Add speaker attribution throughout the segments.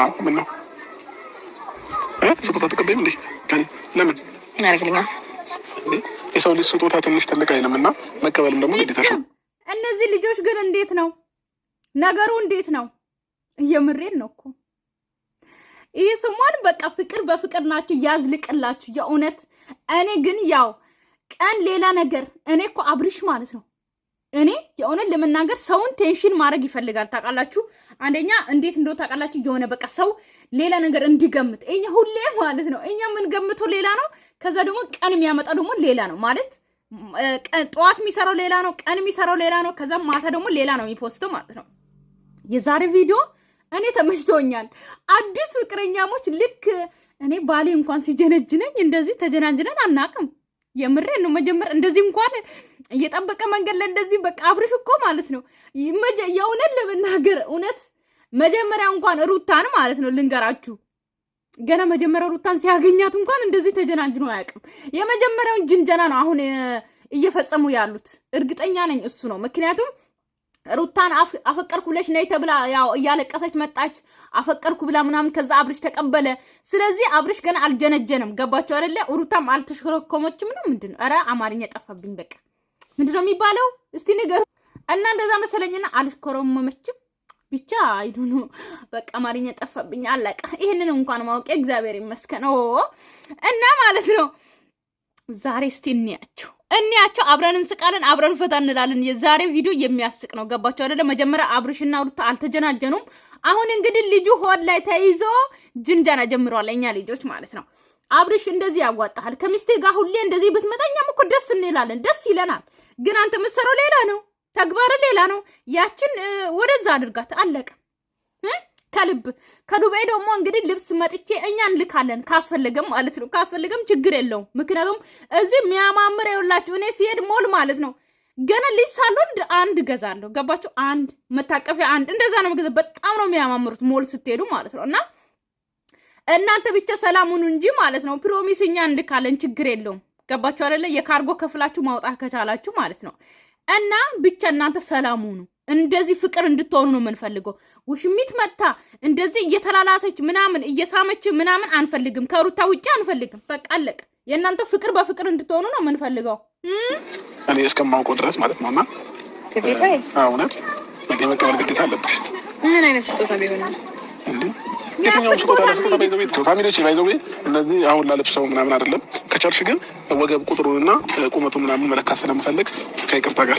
Speaker 1: አንቺ ምን ነው ስጦታ ተቀበይም እንዴ? ከኔ ለምን ያደርግልኛ? የሰው ልጅ ስጦታ ትንሽ ትልቅ አይልም እና መቀበልም ደግሞ ግዴታሽ።
Speaker 2: እነዚህ ልጆች ግን እንዴት ነው ነገሩ? እንዴት ነው? እየምሬን ነው እኮ ይህ ስሟን በቃ ፍቅር በፍቅር ናችሁ፣ ያዝልቅላችሁ የእውነት። እኔ ግን ያው ቀን ሌላ ነገር እኔ እኮ አብርሽ ማለት ነው እኔ የእውነት ለመናገር ሰውን ቴንሽን ማድረግ ይፈልጋል ታውቃላችሁ። አንደኛ እንዴት እንደው ታውቃላችሁ፣ የሆነ በቃ ሰው ሌላ ነገር እንዲገምት እኛ ሁሌ ማለት ነው እኛ የምንገምተው ሌላ ነው። ከዛ ደግሞ ቀን የሚያመጣው ደግሞ ሌላ ነው ማለት ጠዋት የሚሰራው ሌላ ነው፣ ቀን የሚሰራው ሌላ ነው። ከዛ ማታ ደግሞ ሌላ ነው የሚፖስተው ማለት ነው። የዛሬ ቪዲዮ እኔ ተመችቶኛል። አዲስ ፍቅረኛሞች ልክ እኔ ባሌ እንኳን ሲጀነጅነኝ እንደዚህ ተጀናጅነን አናቅም። የምሬ ነው። መጀመር እንደዚህ እንኳን እየጠበቀ መንገድ ላይ እንደዚህ በቃ አብርሽ እኮ ማለት ነው የእውነት ለመናገር እውነት መጀመሪያ እንኳን ሩታን ማለት ነው ልንገራችሁ ገና መጀመሪያው ሩታን ሲያገኛት እንኳን እንደዚህ ተጀናጅኖ አያውቅም። የመጀመሪያውን ጅንጀና ነው አሁን እየፈጸሙ ያሉት። እርግጠኛ ነኝ እሱ ነው ምክንያቱም ሩታን አፈቀርኩ ብለሽ ነይ ተብላ ያው እያለቀሰች መጣች። አፈቀርኩ ብላ ምናምን ከዛ አብርሽ ተቀበለ። ስለዚህ አብርሽ ገና አልጀነጀንም። ገባቸው አደለ? ሩታም አልተሽረኮመችም ነው ምንድን ነው? ኧረ አማርኛ ጠፋብኝ። በቃ ምንድነው የሚባለው? እስቲ ንገሩ እና እንደዛ መሰለኝና አልሽኮረመመችም። ብቻ አይዱኑ በቃ አማርኛ ጠፋብኝ። አለቀ። ይህንን እንኳን ማወቅ እግዚአብሔር ይመስገን እና ማለት ነው ዛሬ እስቲ እንያቸው እንያቸው አብረን እንስቃለን፣ አብረን ፈታ እንላለን። የዛሬ ቪዲዮ የሚያስቅ ነው። ገባችሁ አይደለ? መጀመሪያ አብርሽና ሩታ አልተጀናጀኑም። አሁን እንግዲህ ልጁ ሆድ ላይ ተይዞ ጅንጃና ጀምረዋል። እኛ ልጆች ማለት ነው። አብርሽ እንደዚህ ያዋጣሃል። ከሚስቴ ጋር ሁሌ እንደዚህ ብትመጣ እኛም እኮ ደስ እንላለን፣ ደስ ይለናል። ግን አንተ የምትሰራው ሌላ ነው፣ ተግባር ሌላ ነው። ያችን ወደዛ አድርጋት አለቀ። ከልብ ከዱባይ ደግሞ እንግዲህ ልብስ መጥቼ እኛ እንልካለን ካስፈለገም ማለት ነው። ካስፈለገም ችግር የለውም። ምክንያቱም እዚህ የሚያማምር የውላችሁ እኔ ሲሄድ ሞል ማለት ነው ገና ልጅ ሳልወልድ አንድ ገዛለሁ። ገባችሁ? አንድ መታቀፊያ አንድ እንደዛ ነው ገዛ በጣም ነው የሚያማምሩት ሞል ስትሄዱ ማለት ነው። እና እናንተ ብቻ ሰላሙን እንጂ ማለት ነው። ፕሮሚስ እኛ እንልካለን፣ ችግር የለውም። ገባችሁ አይደለ? የካርጎ ከፍላችሁ ማውጣት ከቻላችሁ ማለት ነው። እና ብቻ እናንተ ሰላሙኑ ነው እንደዚህ ፍቅር እንድትሆኑ ነው የምንፈልገው። ውሽሚት መታ እንደዚህ እየተላላሰች ምናምን እየሳመች ምናምን አንፈልግም፣ ከሩታ ውጭ አንፈልግም። በቃ አለቅ። የእናንተ ፍቅር በፍቅር እንድትሆኑ ነው የምንፈልገው።
Speaker 1: እኔ እስከማውቀው ድረስ ማለት ነው። እና እውነት የመቀበል ግዴታ አለብሽ።
Speaker 3: ምን አይነት ስጦታ ቢሆን
Speaker 1: የትኛውም ስጦታ ስጦታ ይዘው ፋሚሊዎች ይዘው እነዚህ አሁን ላልብሰው ምናምን አይደለም። ከቻልሽ ግን ወገብ ቁጥሩንና ቁመቱ ምናምን መለካት ስለምፈልግ ከይቅርታ ጋር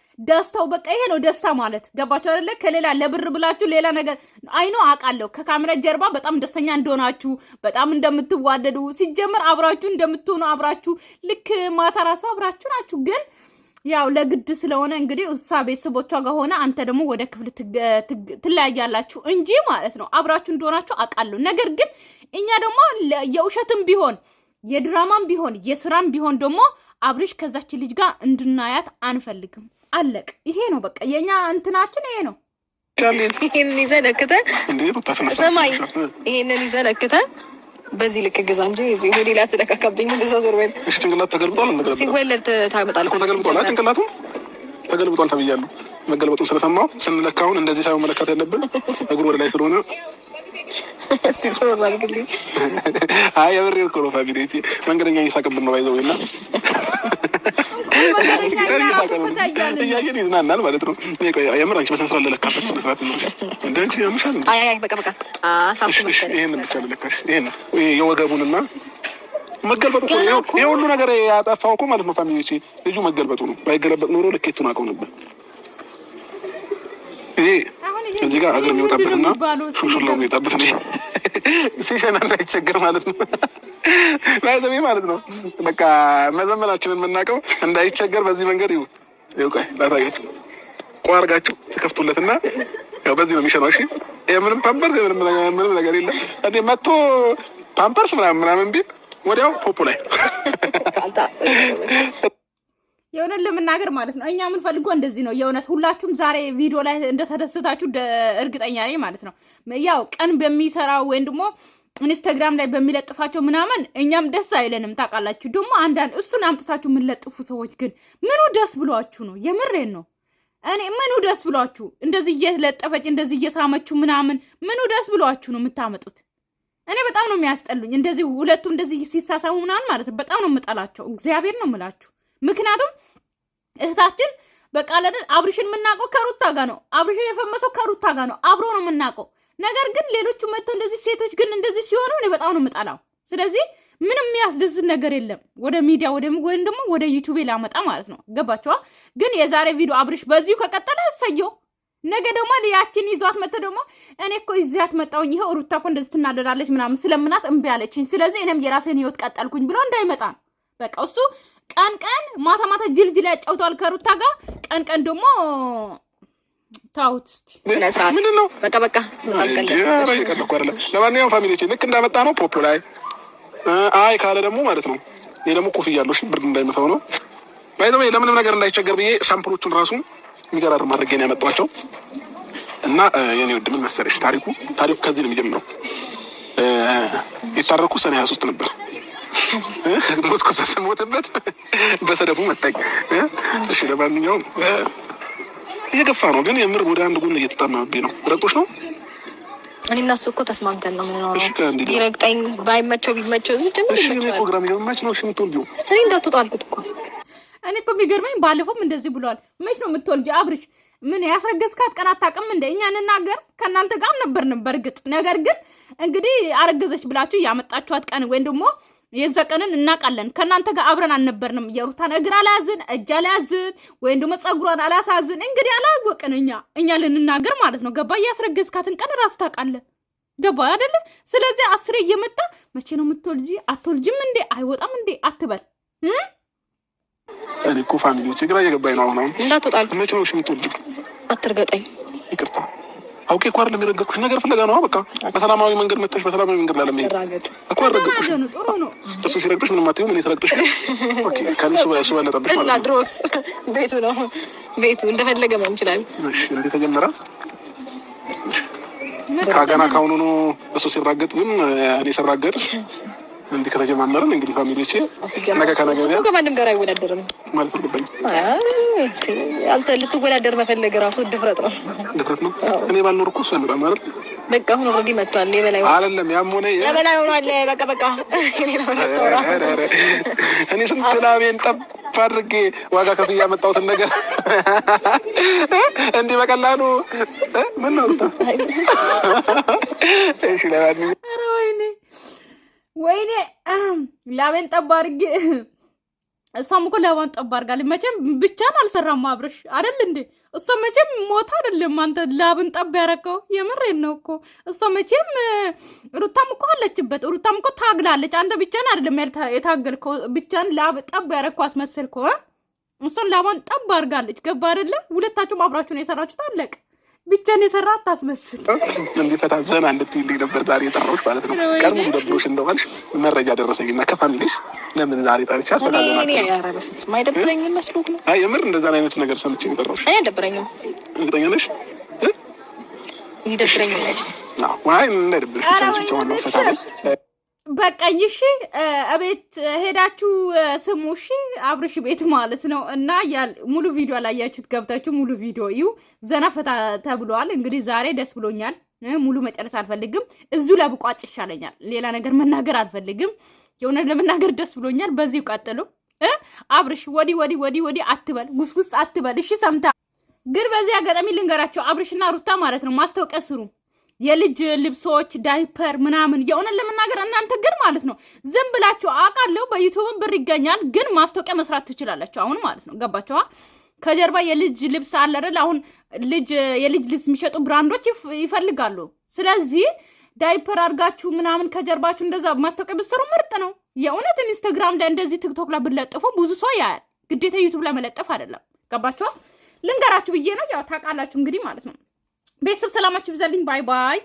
Speaker 2: ደስታው በቃ ይሄ ነው ደስታ ማለት ገባችሁ አይደለ? ከሌላ ለብር ብላችሁ ሌላ ነገር አይኖ አውቃለሁ። ከካሜራ ጀርባ በጣም ደስተኛ እንደሆናችሁ በጣም እንደምትዋደዱ ሲጀመር አብራችሁ እንደምትሆኑ አብራችሁ ልክ ማታ ራሱ አብራችሁ ናችሁ ግን ያው ለግድ ስለሆነ እንግዲህ እሷ ቤተሰቦቿ ጋር ሆነ አንተ ደግሞ ወደ ክፍል ትለያያላችሁ እንጂ ማለት ነው። አብራችሁ እንደሆናችሁ አውቃለሁ። ነገር ግን እኛ ደግሞ የውሸትም ቢሆን የድራማም ቢሆን የስራም ቢሆን ደግሞ አብርሽ ከዛች ልጅ ጋር እንድናያት አንፈልግም። አለቅ። ይሄ ነው በቃ የኛ እንትናችን ይሄ ነው።
Speaker 3: ይሄንን ይዘህ ለክተህ ሰማይ፣ ይሄንን ይዘህ ለክተህ በዚህ ልክ ግዛ እንጂ ሆዴላ ትለካካብኝ ግዛ። ዞር በል
Speaker 1: እሺ። ጭንቅላት ተገልብጧል።
Speaker 3: ሲወለድ ታመጣለህ።
Speaker 1: ተገልብጧል። ጭንቅላቱ ተገልብጧል ተብያለሁ። መገልበጡን ስለሰማሁ ስንለካውን እንደዚህ ሳይሆን መለካት ያለብን እግሩ ወደ ላይ ስለሆነ እስቲ ጾር አይ የብሬ እኮ ነው ፋሚሊ መንገደኛ እየሳቅብን ነው ባይዘው ና እያየን ይዝናናል ማለት ነው። የምር አንቺ በስነ ስርዓት ለለካበት ስነ ስርዓት እንደ አንቺ ያምሻል። ይሄን ብቻ ልለካሽ። ይሄን የወገቡንና መገልበጡ የሁሉ ነገር ያጠፋው እኮ ማለት ነው። ፋሚሊዎቼ ልጁ መገልበጡ ነው። ባይገለበጥ ኖሮ ልኬቱን አውቀው ነበር። ይሄ እዚህ ጋር እግር የሚወጣበትና ሹልሹላው የሚወጣበት ሲሸና እንዳይቸገር ማለት ነው። ማዘሜ ማለት ነው። በቃ መዘመናችንን የምናውቀው እንዳይቸገር በዚህ መንገድ ይሁ ይውቃ ላታያችሁ ቋርጋቸው አርጋችሁ ያው በዚህ ነው የሚሸናው። እሺ የምንም ፓምፐርስ ምንም ነገር የለም። እንዴ መቶ ፓምፐርስ ምናምን ምናምን ቢል ወዲያው ፖፖ ላይ
Speaker 2: የእውነት ለመናገር ማለት ነው እኛ የምንፈልገው እንደዚህ ነው። የእውነት ሁላችሁም ዛሬ ቪዲዮ ላይ እንደተደሰታችሁ እርግጠኛ ነኝ ማለት ነው። ያው ቀን በሚሰራው ወይም ደግሞ ኢንስታግራም ላይ በሚለጥፋቸው ምናምን እኛም ደስ አይለንም። ታውቃላችሁ ደግሞ አንዳንድ እሱን አምጥታችሁ የምንለጥፉ ሰዎች ግን ምኑ ደስ ብሏችሁ ነው? የምሬን ነው። እኔ ምኑ ደስ ብሏችሁ እንደዚህ እየለጠፈች እንደዚህ እየሳመችሁ ምናምን ምኑ ደስ ብሏችሁ ነው የምታመጡት? እኔ በጣም ነው የሚያስጠሉኝ እንደዚህ ሁለቱ እንደዚህ ሲሳሳሙ ምናምን ማለት ነው። በጣም ነው የምጠላቸው። እግዚአብሔር ነው የምላችሁ ምክንያቱም እህታችን በቃ ለደን አብርሽን የምናውቀው ከሩታ ጋ ነው። አብርሽን የፈመሰው ከሩታ ጋ ነው። አብሮ ነው የምናውቀው። ነገር ግን ሌሎቹ መጥተው እንደዚህ ሴቶች ግን እንደዚህ ሲሆኑ እኔ በጣም ነው የምጠላው። ስለዚህ ምንም የሚያስደስት ነገር የለም ወደ ሚዲያ ወደ ወይም ደግሞ ወደ ዩቱቤ ላመጣ ማለት ነው። ገባችኋ? ግን የዛሬ ቪዲዮ አብርሽ በዚሁ ከቀጠለ እሰየው። ነገ ደግሞ ያችን ይዟት መጥተ ደግሞ እኔ እኮ ይዛት መጣውኝ ይኸው ሩታ እኮ እንደዚህ ትናደዳለች ምናምን ስለምናት እምቢ አለችኝ፣ ስለዚህ እኔም የራሴን ህይወት ቀጠልኩኝ ብሎ እንዳይመጣ ነው በቃ እሱ ቀን ቀን ማታ ማታ ጅልጅል ያጫውተዋል ከሩታ ጋር። ቀን ቀን ደግሞ ነው? ለማንኛውም ልክ እንዳመጣ ነው። ፖፖ ላይ አይ ካለ ደግሞ ማለት ነው። ይህ ደግሞ ኮፍያ ብርድ እንዳይመታው ነው። ለምንም ነገር እንዳይቸገር ብዬ ሳምፕሎቹን ራሱ የሚገራር ማድረግ ነው እና የኔ ውድ ምን መሰለሽ ታሪኩ ታሪኩ ከዚህ ነው የሚጀምረው። የታረኩ ሰኔ ሀያ ሶስት ነበር ሞትኩበት ስሞትበት በሰደቡ መጣኝ። እሺ ለማንኛውም እየገፋ ነው፣ ግን የምር ወደ አንድ ጎን እየተጠማብኝ ነው። ረቆች ነው። እኔ እና እሱ እኮ ተስማምተን ነው ምንኖረው። ቢረግጠኝ ባይመቸው ቢመቸው እዚህ ጀምር ነው። ሽምቶ እኔ እንዳትወጣ አልኩት እኮ እኔ እኮ የሚገርመኝ ባለፈውም እንደዚህ ብሏል። መች ነው የምትወልጅ አብርሽ? ምን ያስረገዝካት ቀን አታውቅም እንደ እኛ እንናገር ከእናንተ ጋር አልነበርንም በእርግጥ ነገር ግን እንግዲህ አረገዘች ብላችሁ ያመጣችኋት ቀን ወይም ደግሞ የዛ ቀንን እናውቃለን። ከእናንተ ጋር አብረን አልነበርንም። የሩታን እግር አላያዝን፣ እጅ አላያዝን፣ ወይም ደግሞ ፀጉሯን አላሳዝን። እንግዲህ አላወቅን እኛ እኛ ልንናገር ማለት ነው። ገባ እያስረገዝካትን ቀን ራሱ ታውቃለህ። ገባ አይደለ? ስለዚህ አስሬ እየመጣ መቼ ነው የምትወልጂ? አትወልጅም እንዴ? አይወጣም እንዴ? አትበል እኮ ፋሚሊዎች ግራ እየገባኝ ነው። አሁን አሁን እንዳትወጣል መቼ ነው የምትወልጂው? አትርገጠኝ። ይቅርታ አውቄ እኮ አይደለም የረገጥኩሽ። ነገር ፍለጋ ነው። በቃ በሰላማዊ መንገድ መተሽ በሰላማዊ መንገድ ላለመሄድ እኮ አረገጥኩሽ። እሱ ሲረግጥሽ ምንም አትይውም፣ እኔ ስረግጥሽ ከእሱ በለጠብሽ ማለት ነው። ድሮስ ቤቱ ነው ቤቱ እንደፈለገ መሆን ይችላል። እንዴ ተጀመረ ከገና ከአሁኑኑ እሱ ሲራገጥ ግን እኔ ስራገጥ እንዲህ ከተጀማመርን እንግዲህ ፋሚሊዎች ነገ ከነገ ወዲያ ከማንም ጋር አይወዳደርም ማለት ልገባኝ። አንተ ልትወዳደር መፈለግ ራሱ ድፍረት ነው፣ ድፍረት ነው። እኔ ባልኖር እኮ እሱ አይመጣም አይደል? በቃ አሁን ኦልሬዲ መጥቷል። የበላይ አይደለም ያም ሆነ የበላይ ሆኗል። በቃ በቃ እኔ ስንት ላቤን ጠብ አድርጌ ዋጋ ከፍዬ ያመጣሁትን ነገር እንዲህ በቀላሉ ምን ነው ሩታ? ወይኔ ላቤን ጠባ አድርጌ እሷም እኮ ላቧን ጠባ አድርጋለች። መቼም ብቻን አልሰራም አብረሽ አይደል እንዴ? እሷ መቼም ሞታ አይደለም አንተ ላብን ጠብ ያረከው የምሬን ነው እኮ እሷ መቼም ሩታም እኮ አለችበት። ሩታም እኮ ታግላለች። አንተ ብቻን አይደለም የታገልከው። ብቻን ላብ ጠብ ያረከው አስመሰልከው። እሷን ላቧን ጠብ አድርጋለች። ገባ አይደለም? ሁለታችሁም አብራችሁ ነው የሰራችሁት። አለቅ ብቻን የሰራ አታስመስል። እንዲፈታ ዘና እንድትይልኝ ነበር ዛሬ የጠራሁሽ ማለት ነው። ቀድሞ ደብሮሽ እንደሆንሽ መረጃ ደረሰኝና ከፋሚሊሽ ለምን ዛሬ ጠርቻት በፍጹም አይደብረኝም መስሎ ነው። የምር እንደዛን አይነት ነገር ሰምቼ የጠራሁሽ እኔ አይደብረኝም። እርግጠኛ ነሽ? ይደብረኝ እንዳይደብርሽ ብቻ ዋናው ፈታ በቀኝ እሺ፣ እቤት ሄዳችሁ ስሙ እሺ፣ አብርሽ ቤት ማለት ነው። እና ሙሉ ቪዲዮ አላያችሁት ገብታችሁ ሙሉ ቪዲዮ እዩ። ዘና ፈታ ተብሏል። እንግዲህ ዛሬ ደስ ብሎኛል። ሙሉ መጨረስ አልፈልግም። እዙ ለብቋጭ ይሻለኛል። ሌላ ነገር መናገር አልፈልግም። የሆነ ለመናገር ደስ ብሎኛል። በዚሁ ቀጥሎ አብርሽ ወዲ ወዲ ወዲ ወዲ አትበል፣ ጉስጉስ አትበል። እሺ ሰምታ ግን በዚህ አጋጣሚ ልንገራቸው አብርሽና ሩታ ማለት ነው ማስታወቂያ ስሩ የልጅ ልብሶች፣ ዳይፐር ምናምን የሆነን ለመናገር እናንተ ግን ማለት ነው ዝም ብላችሁ አውቃለሁ። በዩቱብም ብር ይገኛል፣ ግን ማስታወቂያ መስራት ትችላላችሁ። አሁን ማለት ነው ገባችኋ? ከጀርባ የልጅ ልብስ አለ አይደል? አሁን ልጅ የልጅ ልብስ የሚሸጡ ብራንዶች ይፈልጋሉ። ስለዚህ ዳይፐር አድርጋችሁ ምናምን ከጀርባችሁ እንደዛ ማስታወቂያ ብትሰሩ ምርጥ ነው። የእውነት ኢንስታግራም ላይ እንደዚህ ቲክቶክ ላይ ብለጥፉ ብዙ ሰው ያያል። ግዴታ ዩቱብ ላይ መለጠፍ አይደለም። ገባችኋ? ልንገራችሁ ብዬ ነው። ያው ታውቃላችሁ እንግዲህ ማለት ነው ቤተሰብ ሰላማችሁ ብዛልኝ ባይ ባይ።